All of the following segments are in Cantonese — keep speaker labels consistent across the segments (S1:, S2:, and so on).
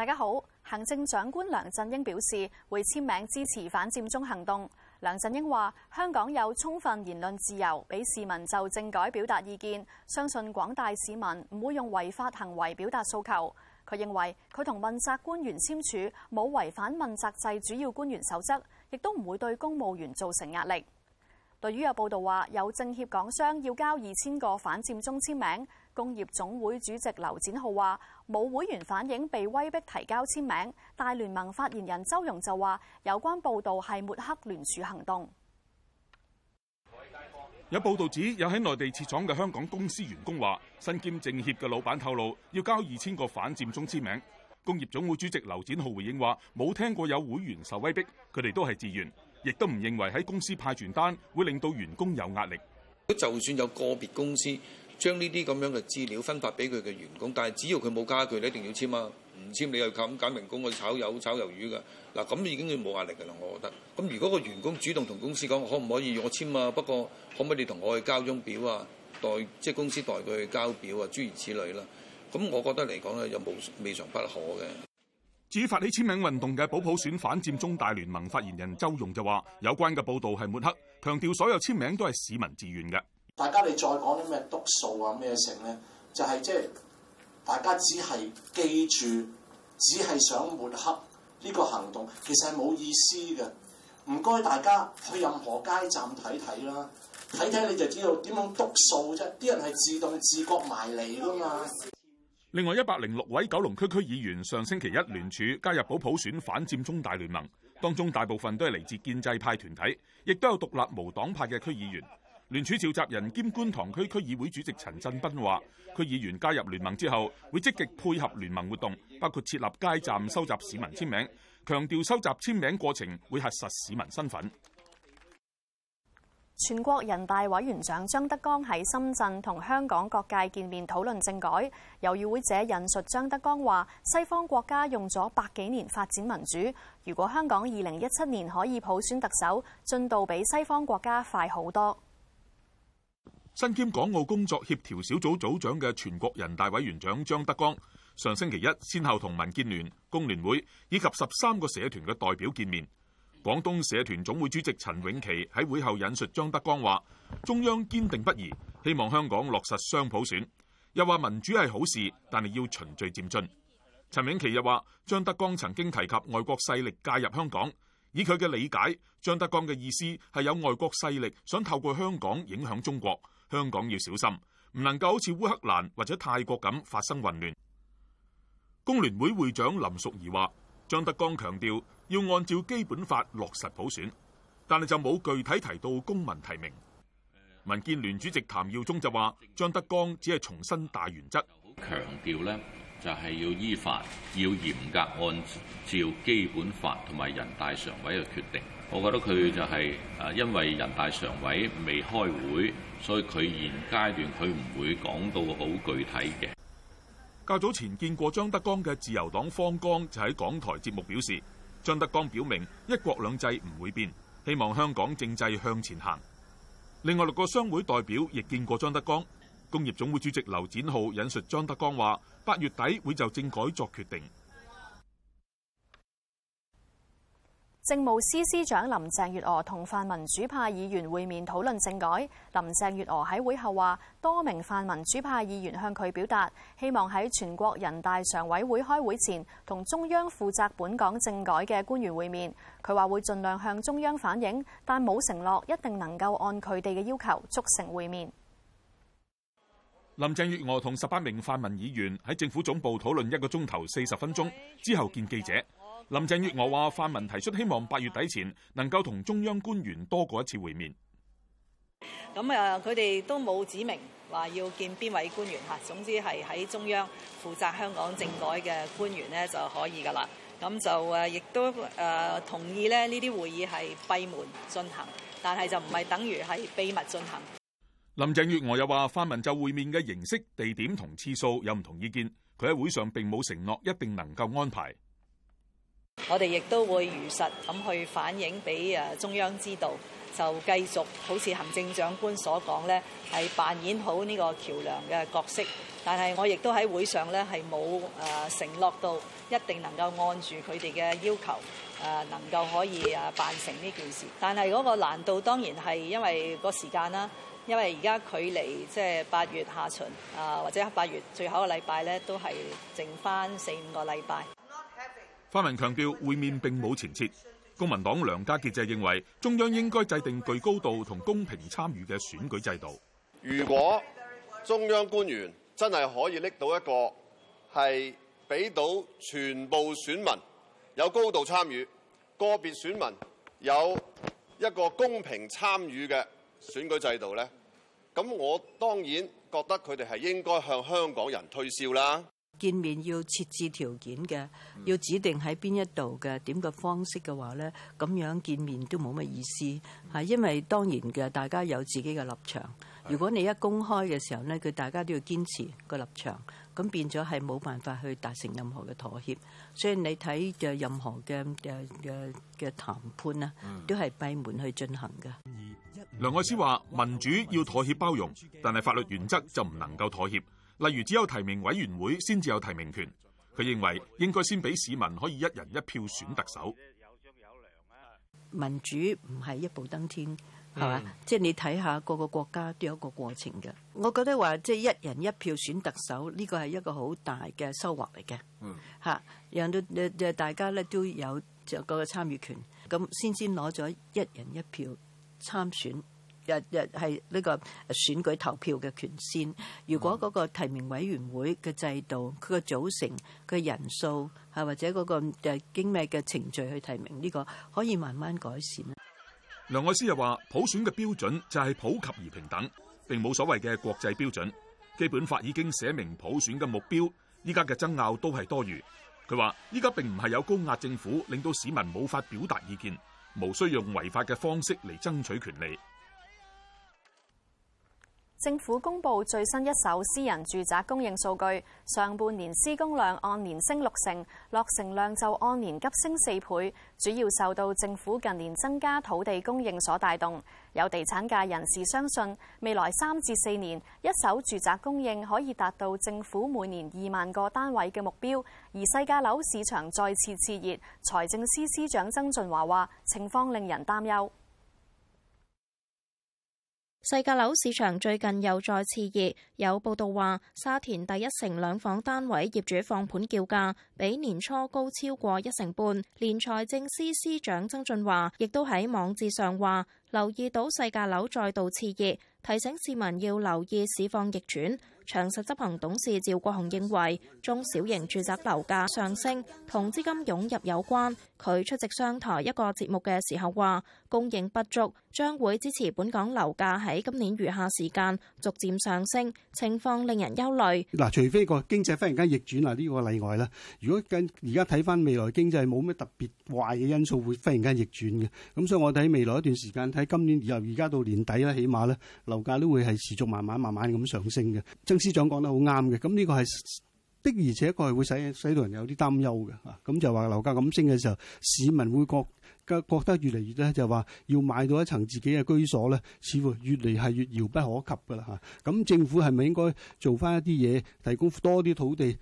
S1: 大家好，行政長官梁振英表示會簽名支持反佔中行動。梁振英話：香港有充分言論自由，俾市民就政改表達意見，相信廣大市民唔會用違法行為表達訴求。佢認為佢同問責官員簽署冇違反問責制主要官員守則，亦都唔會對公務員造成壓力。對於有報道話有政協港商要交二千個反佔中簽名，工業總會主席劉展灝話。冇會員反映被威逼提交簽名，大聯盟發言人周融就話：有關報導係抹黑聯署行動。
S2: 有報導指有喺內地設廠嘅香港公司員工話，身兼政協嘅老闆透露要交二千個反佔中簽名。工業總會主席劉展灝回應話：冇聽過有會員受威逼，佢哋都係自願，亦都唔認為喺公司派傳單會令到員工有壓力。就算有個別公司將呢啲咁樣嘅資料分發俾佢嘅員工，但係只要佢冇家具你一定要簽啊，唔簽你又咁揀民工去炒油炒魷魚㗎。嗱咁已經係冇壓力㗎啦，我覺得。咁如果個員工主動同公司講，可唔可以我簽啊？不過可唔可以你同我去交張表啊？代即係公司代佢去交表啊？諸如此類啦。咁我覺得嚟講咧，有冇未嘗不可嘅。至於發起簽名運動嘅保普選反佔中大聯盟發言人周融就話：有關嘅報導係抹黑，強調所有簽名都係市民自願嘅。
S1: 大家你再講啲咩篤數啊咩成咧，就係即係大家只係記住，只係想抹黑呢個行動，其實係冇意思嘅。唔該，大家去任何街站睇睇啦，睇睇你就知道點樣篤數啫。啲人係自動自覺埋嚟噶嘛。
S3: 另
S2: 外，一百零六位九龍區區議員上星期一聯署加入保普選反佔中大聯盟，當中大部分都係嚟自建制派團體，亦都有獨立無黨派嘅區議員。聯署召集人兼觀塘區區議會主席陳振斌話，區議員加入聯盟之後，會積極配合聯盟活動，包括設立街站收集市民簽名。強調收集簽名過程會核實市民身份。
S1: 全國人大委員長張德江喺深圳同香港各界見面討論政改。由與會者引述張德江話，西方國家用咗百幾年發展民主，如果香港二零一七年可以普選特首，進度比西方國家快好多。
S2: 身兼港澳工作協調小組組長嘅全國人大委員長張德江上星期一先後同民建聯、工聯會以及十三個社團嘅代表見面。廣東社團總會主席陳永琪喺會後引述張德江話：中央堅定不移，希望香港落實雙普選。又話民主係好事，但係要循序漸進。陳永琪又話：張德江曾經提及外國勢力介入香港，以佢嘅理解，張德江嘅意思係有外國勢力想透過香港影響中國。香港要小心，唔能夠好似烏克蘭或者泰國咁發生混亂。工聯會會長林淑儀話：張德江強調要按照基本法落實普選，但係就冇具體提到公民提名。民建聯主席譚耀宗就話：張德江只係重申大原則，強調呢就係要依法，要嚴格按照基本法同埋人大常委嘅決定。我覺得佢就係啊，因為人大常委未開會，所以佢現階段佢唔會講到好具體嘅。較早前見過張德江嘅自由黨方剛就喺港台節目表示，張德江表明一國兩制唔會變，希望香港政制向前行。另外六個商會代表亦見過張德江，工業總會主席劉展灝引述張德江話：八月底會就政改作決定。
S1: 政務司司長林鄭月娥同泛民主派議員會面討論政改。林鄭月娥喺會後話，多名泛民主派議員向佢表達希望喺全國人大常委會開會前同中央負責本港政改嘅官員會面。佢話會盡量向中央反映，但冇承諾一定能夠按佢哋嘅要求促成會面。
S2: 林鄭月娥同十八名泛民議員喺政府總部討論一個鐘頭四十分鐘之後見記者。林鄭月娥話：泛民提出希望八月底前能夠同中央官員多過一次會面。
S4: 咁啊，佢哋都冇指明話要見邊位官員吓，總之係喺中央負責香港政改嘅官員咧就可以噶啦。咁就誒，亦都誒同意咧呢啲會議係閉門進行，但係就唔係等於係秘密進行。
S2: 林鄭月娥又話：泛民就會面嘅形式、地點同次數有唔同意見，佢喺會上並冇承諾一定能夠安排。
S4: 我哋亦都會如實咁去反映俾中央知道，就繼續好似行政長官所講咧，係扮演好呢個橋梁嘅角色。但係我亦都喺會上咧係冇誒承諾到一定能夠按住佢哋嘅要求，能夠可以辦成呢件事。但係嗰個難度當然係因為個時間啦，因為而家距離即係八月下旬啊，或者八月最後一個禮拜咧，都係剩翻四五個禮拜。
S2: 發明強調會面並冇前設，公民黨梁家傑就認為中央應該制定具高度同公平參與嘅選舉制度。如果中央官員真係可以拎到一個係俾到全部選民有高度參與，個別
S3: 選民有一個公平參與嘅選舉制度咧，咁我當然覺得佢哋係應該向香港人推銷啦。
S4: 見面要設置條件嘅，要指定喺邊一度嘅，點嘅方式嘅話咧，咁樣見面都冇乜意思嚇。因為當然嘅，大家有自己嘅立場。如果你一公開嘅時候咧，佢大家都要堅持個立場，咁變咗係冇辦法去達成任何嘅妥協。所以你睇嘅任何嘅嘅嘅嘅談判啊，都係閉門去進行嘅。
S2: 梁愛詩話：民主要妥協包容，但係法律原則就唔能夠妥協。例如只有提名委員會先至有提名權，佢認為應該先俾市民可以一人一票選特首。有有
S4: 梁民主唔係一步登天，係嘛？嗯、即係你睇下各個國家都有一個過程嘅。我覺得話即係一人一票選特首呢個係一個好大嘅收穫嚟嘅。嗯，嚇，讓到大家咧都有著個參與權，咁先先攞咗一人一票參選。日日係呢個選舉投票嘅權限，如果嗰個提名委員會嘅制度，佢嘅組成嘅人數，係或者嗰個誒精密嘅程序去提名呢、這個可以慢慢改善啦。
S2: 梁愛詩又話普選嘅標準就係普及而平等，並冇所謂嘅國際標準，基本法已經寫明普選嘅目標，依家嘅爭拗都係多餘。佢話，依家並唔係有高壓政府令到市民冇法表達意見，無需用違法嘅方式嚟爭取權利。
S1: 政府公布最新一手私人住宅供應數據，上半年施工量按年升六成，落成量就按年急升四倍，主要受到政府近年增加土地供應所帶動。有地產界人士相信，未來三至四年一手住宅供應可以達到政府每年二萬個單位嘅目標，而細價樓市場再次熾熱，財政司司長曾俊華話情況令人擔憂。細價樓市場最近又再熾熱，有報道話沙田第一城兩房單位業主放盤叫價，比年初高超過一成半。連財政司司長曾俊華亦都喺網誌上話，留意到細價樓再度熾熱，提醒市民要留意市況逆轉。長實執行董事趙國雄認為，中小型住宅樓價上升同資金湧入有關。佢出席商台一個節目嘅時候話。供應不足將會支持本港樓價喺今年餘下時間逐漸上升，情況令人憂慮。
S3: 嗱，除非個經濟忽然間逆轉啦，呢個例外啦。如果跟而家睇翻未來經濟冇咩特別壞嘅因素會忽然間逆轉嘅，咁所以我睇未來一段時間，睇今年由而家到年底咧，起碼咧樓價都會係持續慢慢慢慢咁上升嘅。曾司長講得好啱嘅，咁呢個係，的而且確係會使使到人有啲擔憂嘅嚇。咁就話樓價咁升嘅時候，市民會覺。覺得越嚟越咧，就話要買到一層自己嘅居所咧，似乎越嚟係越遙不可及噶啦嚇。咁政府係咪應該做返一啲嘢，提供多啲土地？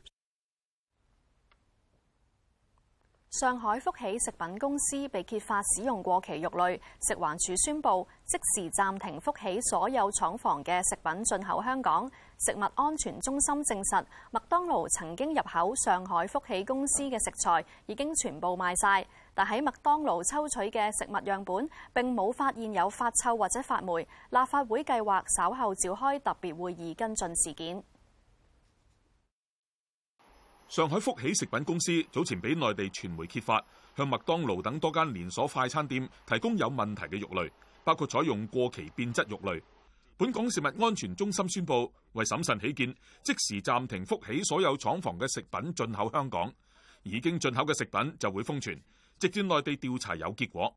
S1: 上海福喜食品公司被揭發使用過期肉類，食環署宣布即時暫停福喜所有廠房嘅食品進口香港。食物安全中心證實，麥當勞曾經入口上海福喜公司嘅食材已經全部賣晒。但喺麥當勞抽取嘅食物樣本並冇發現有發臭或者發霉。立法會計劃稍後召開特別會議跟進事件。
S2: 上海福喜食品公司早前被內地傳媒揭發，向麥當勞等多間連鎖快餐店提供有問題嘅肉類，包括採用過期變質肉類。本港食物安全中心宣布，為審慎起見，即時暫停福喜所有廠房嘅食品進口香港，已經進口嘅食品就會封存。直至內地調查有結果，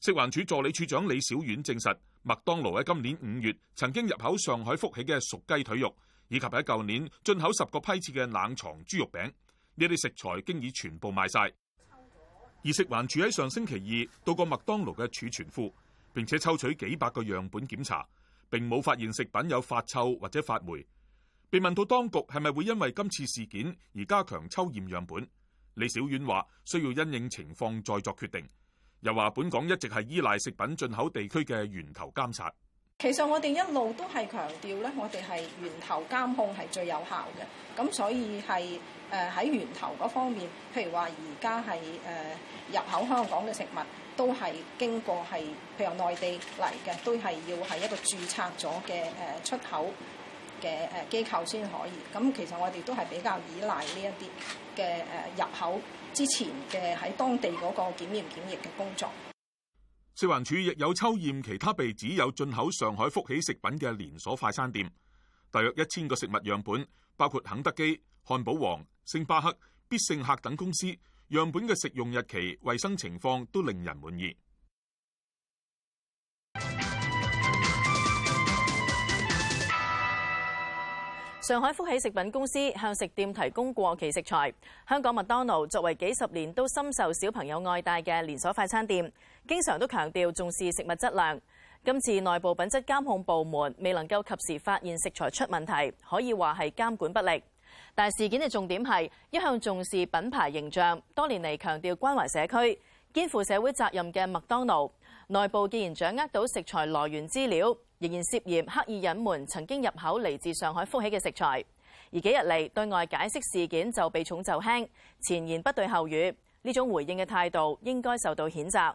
S2: 食環署助理處長李小婉證實，麥當勞喺今年五月曾經入口上海福喜嘅熟雞腿肉，以及喺舊年進口十個批次嘅冷藏豬肉餅，呢啲食材經已全部賣晒。而食環署喺上星期二到過麥當勞嘅儲存庫，並且抽取幾百個樣本檢查，並冇發現食品有發臭或者發霉。被問到當局係咪會因為今次事件而加強抽驗樣本。李小婉話：需要因應情況再作決定。又話：本港一直係依賴食品進口地區嘅源頭監察。
S5: 其實我哋一路
S4: 都係強調咧，我哋係源頭監控係最有效嘅。咁所以係誒喺源頭嗰方面，譬如話而家係誒入口香港嘅食物都係經過係譬如內地嚟嘅，都係要係一個註冊咗嘅誒出口嘅誒機構先可以咁，其實我哋都係比較依賴呢
S5: 一啲嘅誒入口之前嘅喺當地嗰個檢驗檢疫嘅工
S2: 作。食環署亦有抽驗其他被指有進口上海福喜食品嘅連鎖快餐店，大約一千個食物樣本，包括肯德基、漢堡王、星巴克、必勝客等公司，樣本嘅食用日期、衛生情況都令人滿意。
S5: 上海福喜食品公司向食店提供過期食材。香港麥當勞作為幾十年都深受小朋友愛戴嘅連鎖快餐店，經常都強調重視食物質量。今次內部品質監控部門未能夠及時發現食材出問題，可以話，係監管不力。但事件嘅重點係，係一向重視品牌形象、多年嚟強調關懷社區，肩負社會責任嘅麥當勞內部既然掌握到食材來源資料。仍然涉嫌刻意隱瞞曾經入口嚟自上海福喜嘅食材，而幾日嚟對外解釋事件就避重就輕，前言不對後語，呢種回應嘅態度應該受到譴責。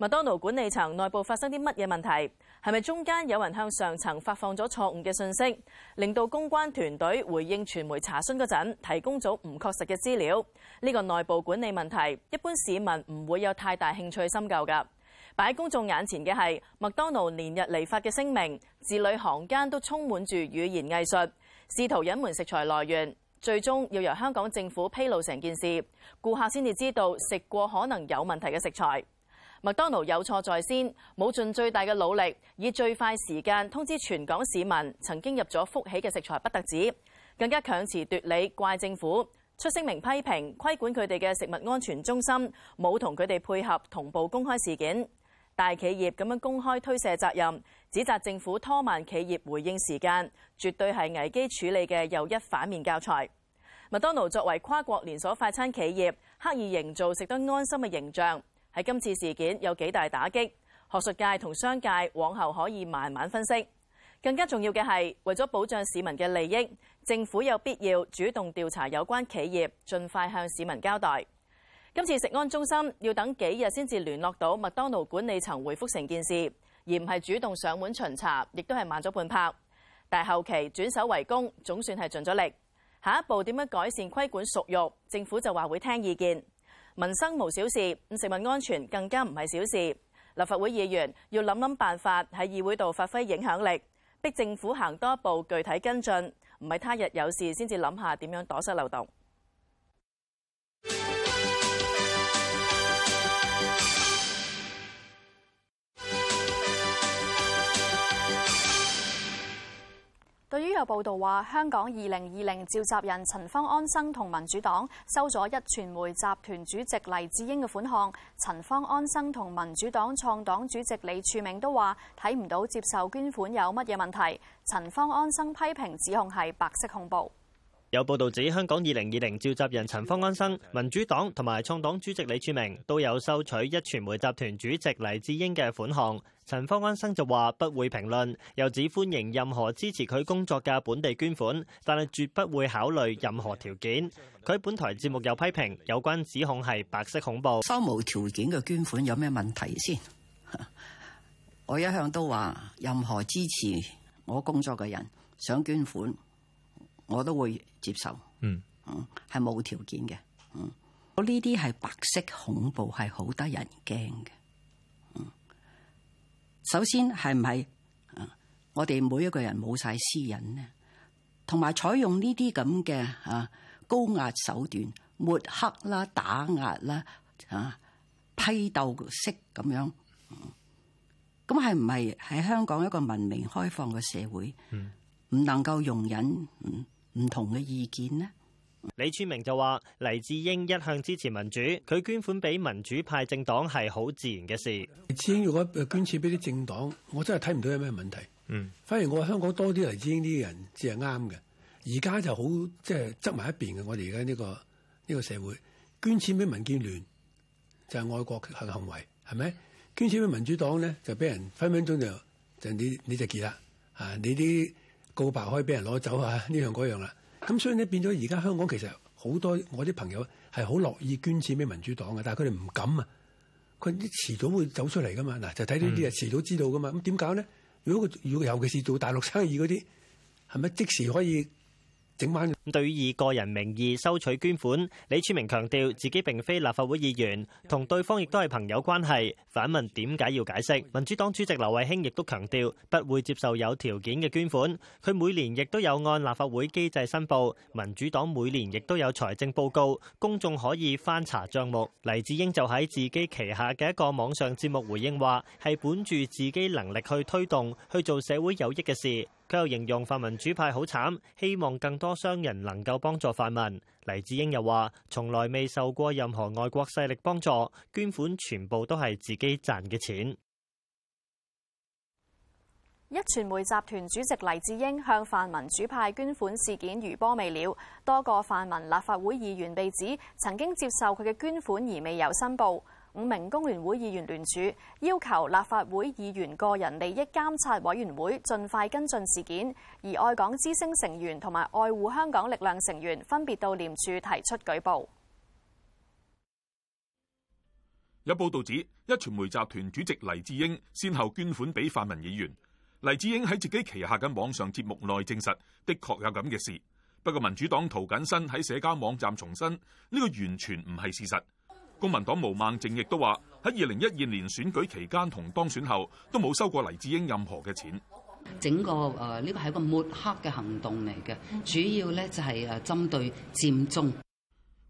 S5: 麥當勞管理層內部發生啲乜嘢問題？係咪中間有人向上層發放咗錯誤嘅信息，令到公關團隊回應傳媒查詢嗰陣提供咗唔確實嘅資料？呢、呢個內部管理問題一般市民唔會有太大興趣深究噶。擺喺公眾眼前嘅係麥當勞連日嚟發嘅聲明，字裏行間都充滿住語言藝術，試圖隱瞞食材來源，最終要由香港政府披露成件事，顧客先至知道食過可能有問題嘅食材。麥當勞有錯在先，冇盡最大嘅努力以最快時間通知全港市民曾經入咗福喜嘅食材，不特止，更加強詞奪理怪政府出聲明批評規管佢哋嘅食物安全中心冇同佢哋配合同步公開事件。大企業咁樣公開推卸責任，指責政府拖慢企業回應時間，絕對係危機處理嘅又一反面教材。麥當勞作為跨國連鎖快餐企業，刻意營造食得安心嘅形象，喺今次事件有幾大打擊。學術界同商界往後可以慢慢分析。更加重要嘅係，為咗保障市民嘅利益，政府有必要主動調查有關企業，盡快向市民交代。今次食安中心要等幾日先至聯絡到麥當勞管理層回復成件事，而唔係主動上門巡查，亦都係慢咗半拍。但後期轉守為攻，總算係盡咗力。下一步點樣改善規管熟肉？政府就話會聽意見。民生無小事，食物安全更加唔係小事。立法會議員要諗諗辦法喺議會度發揮影響力，逼政府行多一步具體跟進，唔係他日有事先至諗下點樣堵塞漏洞。
S1: 對於有報道話香港2020召集人陳方安生同民主黨收咗壹傳媒集團主席黎智英嘅款項，陳方安生同民主黨創黨主席李柱銘都話睇唔到接受捐款有乜嘢問題。陳方安生批評指控係白色恐怖。
S3: 有報道指，香港二零二零召集人陳方安生、民主黨同埋創黨主席李柱銘都有收取一傳媒集團主席黎智英嘅款項。陳方安生就話不會評論，又指歡迎任何支持佢工作嘅本地捐款，但係絕不會考慮任何條件。佢本台節目有批評有關指控係白色恐怖，收無條件嘅捐款有咩問題先？我一向都話，任何支持我
S4: 工作嘅人想捐款。我都會接受，嗯，嗯是，嗯，係冇條件嘅，嗯，我呢啲係白色恐怖，係好得人驚嘅，嗯，首先係唔係，啊，我哋每一個人冇晒私隱呢？同埋採用呢啲咁嘅啊高壓手段，抹黑啦，打壓啦，啊批鬥式咁樣，咁係唔係喺香港一個文明開放嘅社會？嗯唔能夠容忍唔同嘅意見呢？
S3: 李柱銘就話黎智英一向支持民主，佢捐款俾民主派政黨係好自然嘅事。
S2: 黎智英如果捐錢俾啲政黨，我真係睇唔到有咩問題。嗯，反而我香港多啲黎智英啲人只係啱嘅。而家就好即係執埋一邊嘅。我哋而家呢個呢、呢個社會捐錢俾民建聯就係、是、愛國行行為，係咪？嗯、捐錢俾民主黨咧就俾人分分鐘就就你你就結啦啊！你啲。告白可以俾人攞走啊！呢樣嗰樣啦，咁所以咧變咗而家香港其實好多我啲朋友係好樂意捐錢俾民主黨嘅，但係佢哋唔敢啊！佢啲遲
S3: 早會走出嚟噶嘛？嗱，就睇呢啲啊，遲早知道噶嘛？咁點搞咧？如果佢如果尤其是做大陸生意嗰啲，係咪即時可以？對以個人名義收取捐款，李柱銘強調自己並非立法會議員，同對方亦都係朋友關係。反問點解要解釋？民主黨主席劉慧卿亦都強調不會接受有條件嘅捐款。佢每年亦都有按立法會機制申報，民主黨每年亦都有財政報告，公眾可以翻查帳目。黎智英就喺自己旗下嘅一個網上節目回應話：係本住自己能力去推動，去做社會有益嘅事。佢又形容泛民主派好慘，希望更多商人能夠幫助泛民。黎智英又話：從來未受過任何外國勢力幫助，捐款全部都係自己賺嘅錢。
S1: 壹傳媒集團主席黎智英向泛民主派捐款事件餘波未了，多個泛民立法會議員被指曾經接受佢嘅捐款而未有申報。五名工聯會議員聯署要求立法會議員個人利益監察委員會盡快跟進事件，而愛港之聲成員同埋愛護香港力量成員分別到廉署提出舉報。
S2: 有報道指，一傳媒集團主席黎智英先後捐款俾泛民議員。黎智英喺自己旗下嘅網上節目內證實，的確有咁嘅事。不過民主黨涂謹申喺社交網站重申，呢個完全唔係事實。公民黨毛孟靜亦都話，喺二零一二年選舉期間同當選後都冇收過黎智英任何嘅錢。
S3: 整個誒呢個係一個抹黑嘅行動嚟嘅，主要咧就係誒針對佔中。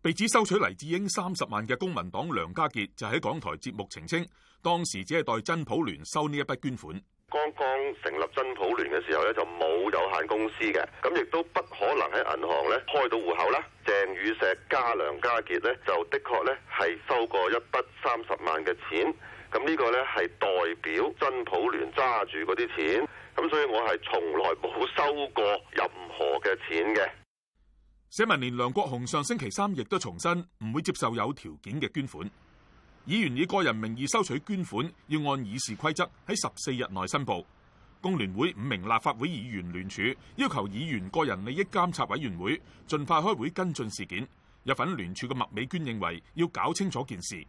S2: 被指收取黎智英三十萬嘅公民黨梁家傑就喺港台節目澄清，當時只係代真普聯收呢一筆捐款。剛剛成立
S3: 真普聯嘅時候咧，就冇有，有限公司嘅，咁亦都不可能喺銀行咧開到戶口啦。鄭宇碩家良家傑咧，就的確咧係收過一筆三十萬嘅錢，咁、這、呢個咧係代表真普聯揸住嗰啲錢，咁所以我係從來
S2: 冇收過任何嘅錢嘅。社民連梁國雄上星期三亦都重申，唔會接受有條件嘅捐款。議員以個人名義收取捐款，要按議事規則喺十四日內申報。工聯會五名立法會議員聯署，要求議員個人利益監察委員會盡快開會跟進事件。有份聯署嘅麥美娟認為，要搞清楚件事。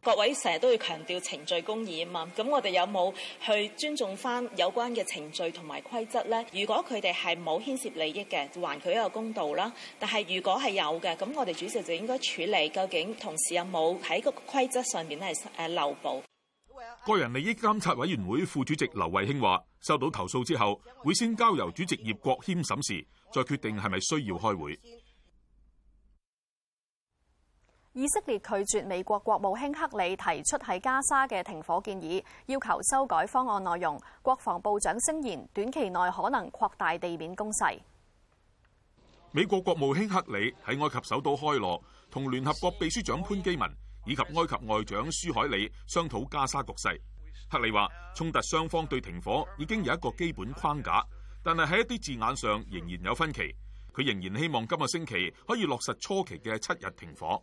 S4: 各位成日都
S1: 要強調程序公義啊嘛，咁我哋有冇去尊重翻有關嘅程序同埋規則咧？如果佢哋係冇牽涉利益嘅，還佢一個公道啦。但係如果係有嘅，咁我哋主席就應該處理。究竟同事有冇喺個規則上面咧？誒，漏報。
S2: 個人利益監察委員會副主席劉慧卿話，收到投訴之後，會先交由主席葉國謙審視，再決定係咪需要開會。
S1: 以色列拒絕美國國務卿克里提出喺加沙嘅停火建議，要求修改方案內容。國防部長聲言，短期內可能擴大地面攻勢。
S2: 美國國務卿克里喺埃及首都開羅同聯合國秘書長潘基文以及埃及外長舒海里商討加沙局勢。克里話，衝突雙方對停火已經有一個基本框架，但係喺一啲字眼上仍然有分歧。佢仍然希望今個星期可以落實初期嘅七日停火。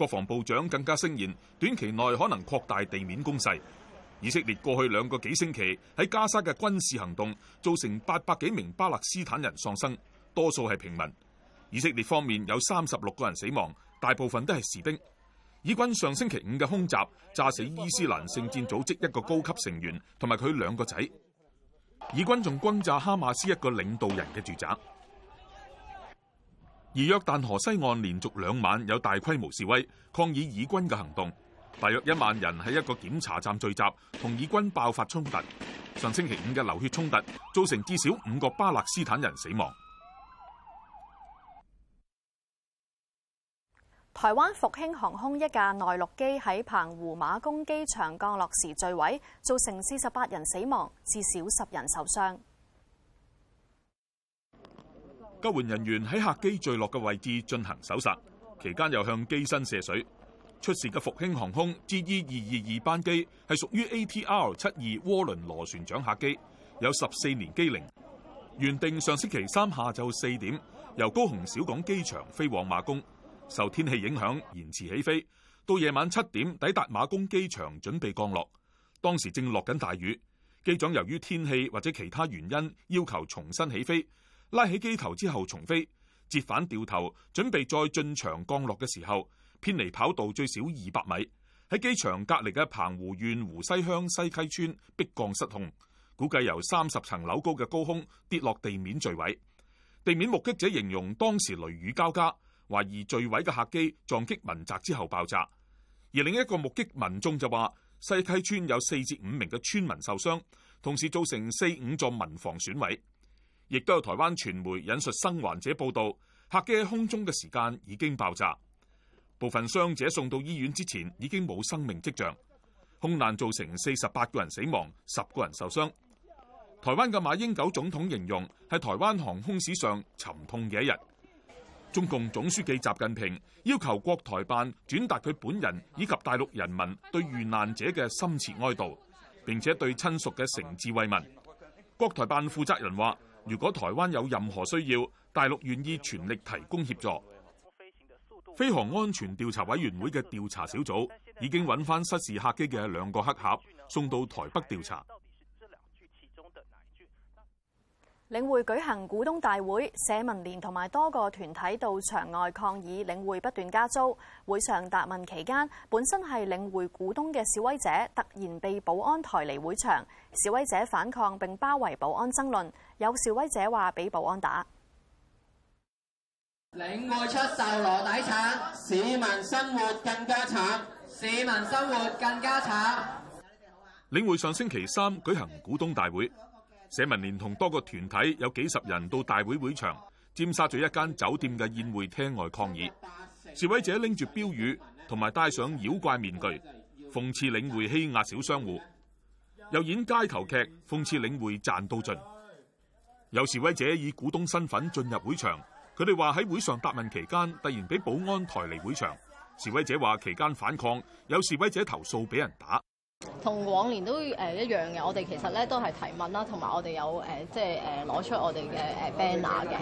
S2: 國防部長更加聲言，短期內可能擴大地面攻勢。以色列過去兩個幾星期喺加沙嘅軍事行動，造成八百幾名巴勒斯坦人喪生，多數係平民。以色列方面有三十六個人死亡，大部分都係士兵。以軍上星期五嘅空襲，炸死伊斯蘭聖戰組織一個高級成員，同埋佢兩個仔。以軍仲轟炸哈馬斯一個領導人嘅住宅。而約旦河西岸連續兩晚有大規模示威，抗議以軍嘅行動，大約一萬人喺一個檢查站聚集，同以軍爆發衝突。上星期五嘅流血衝突造成至少五個巴勒斯坦人死亡。
S1: 台灣復興航空一架內陸機喺澎湖馬公機場降落時墜毀，造成四十八人死亡，至少十人受傷。
S2: 救援人員喺客機墜落嘅位置進行搜尋，期間又向機身射水。出事嘅復興航空 GE222 班機係屬於 ATR72 渦輪螺旋槳客機，有十四年機齡。原定上星期三下晝四點由高雄小港機場飛往馬公，受天氣影響延遲起飛，到夜晚七點抵達馬公機場準備降落。當時正落緊大雨，機長由於天氣或者其他原因要求重新起飛。拉起機頭之後重飛，折返掉頭，準備再進場降落嘅時候，偏離跑道最少二百米，喺機場隔籬嘅澎湖縣湖西鄉西溪村迫降失控，估計由三十層樓高嘅高空跌落地面墜毀。地面目擊者形容當時雷雨交加，懷疑墜毀嘅客機撞擊民宅之後爆炸。而另一個目擊民眾就話，西溪村有四至五名嘅村民受傷，同時造成四五座民房損毀。亦都有台灣傳媒引述生還者報道，客機喺空中嘅時間已經爆炸，部分傷者送到醫院之前已經冇生命跡象。空難造成四十八個人死亡，十個人受傷。台灣嘅馬英九總統形容係台灣航空史上沉痛嘅一日。中共總書記習近平要求國台辦轉達佢本人以及大陸人民對遇難者嘅深切哀悼，並且對親屬嘅誠摯慰問。國台辦負責人話：如果台灣有任何需要，大陸願意全力提供協助。飛航安全調查委員會嘅調查小組已經搵返失事客機嘅兩個黑盒，送到台北調查。
S1: 領匯舉行股東大會，社民連同埋多個團體到場外抗議領匯不斷加租。會上答問期間，本身係領匯股東嘅示威者突然被保安抬離會場，示威者反抗並包圍保安爭論，有示威者話俾保安打。
S3: 領匯出售羅底產，市民生活更加慘，市民生活更加慘。
S2: 領匯上星期三舉行股東大會。社民連同多個團體有幾十人到大會會場，尖沙咀一間酒店嘅宴會廳外抗議。示威者拎住標語，同埋戴上妖怪面具，諷刺領匯欺壓小商戶，又演街頭劇諷刺領匯賺到盡。有示威者以股東身份進入會場，佢哋話喺會上答問期間突然俾保安抬離會場。示威者話期間反抗，有示威者投訴俾人打。
S1: 同往年都誒一樣嘅，我哋其實咧都係提問啦，同埋我哋有誒即係誒攞出我哋嘅誒 banner 嘅。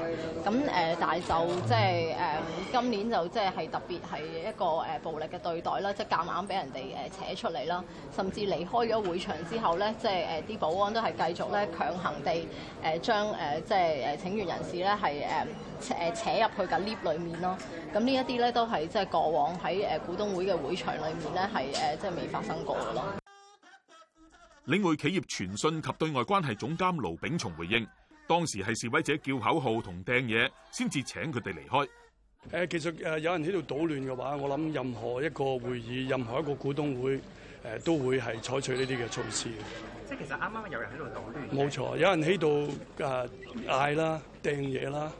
S1: 咁誒，但係就即係誒、嗯、今年就即係係特別係一個誒暴力嘅對待啦，即係夾硬俾人哋誒扯出嚟啦，甚至離開咗會場之後咧，即係誒啲保安都係繼續咧強行地誒將誒即係誒請願人士咧係誒誒扯入去緊 lift 裏面咯。咁呢一啲咧都係即係過往喺誒股東會
S4: 嘅會場裡面咧係誒即係未發生過嘅咯。
S2: 領匯企業傳訊及對外關係總監盧炳松回應：當時係示威者叫口號同掟嘢，先至請佢哋離開。誒，其實誒，有人喺度搗亂嘅話，我諗任何一個會議、任何一個股東會誒，都會係採取呢啲嘅措施嘅。
S3: 即係其
S2: 實啱啱有人喺度搗亂。冇錯，有人喺度誒嗌啦、掟嘢啦，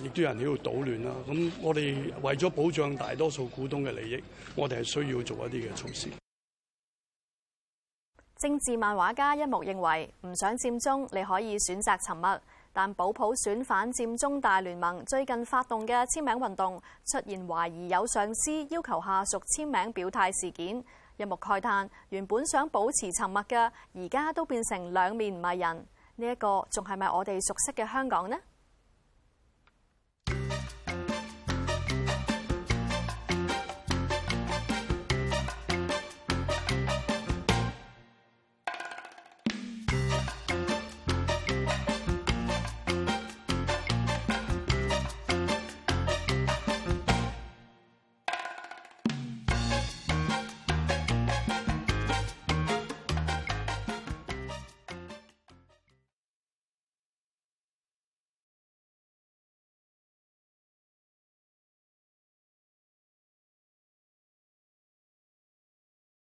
S2: 誒，亦都有人喺度搗亂啦。咁我哋為咗保障大多數股東嘅利益，我哋係需要做一啲嘅措施。
S1: 政治漫畫家一木認為，唔想佔中，你可以選擇沉默。但保普選反佔中大聯盟最近發動嘅簽名運動，出現懷疑有上司要求下屬簽名表態事件。一木慨嘆：原本想保持沉默嘅，而家都變成兩面唔係人。呢一個仲係咪我哋熟悉嘅香港呢？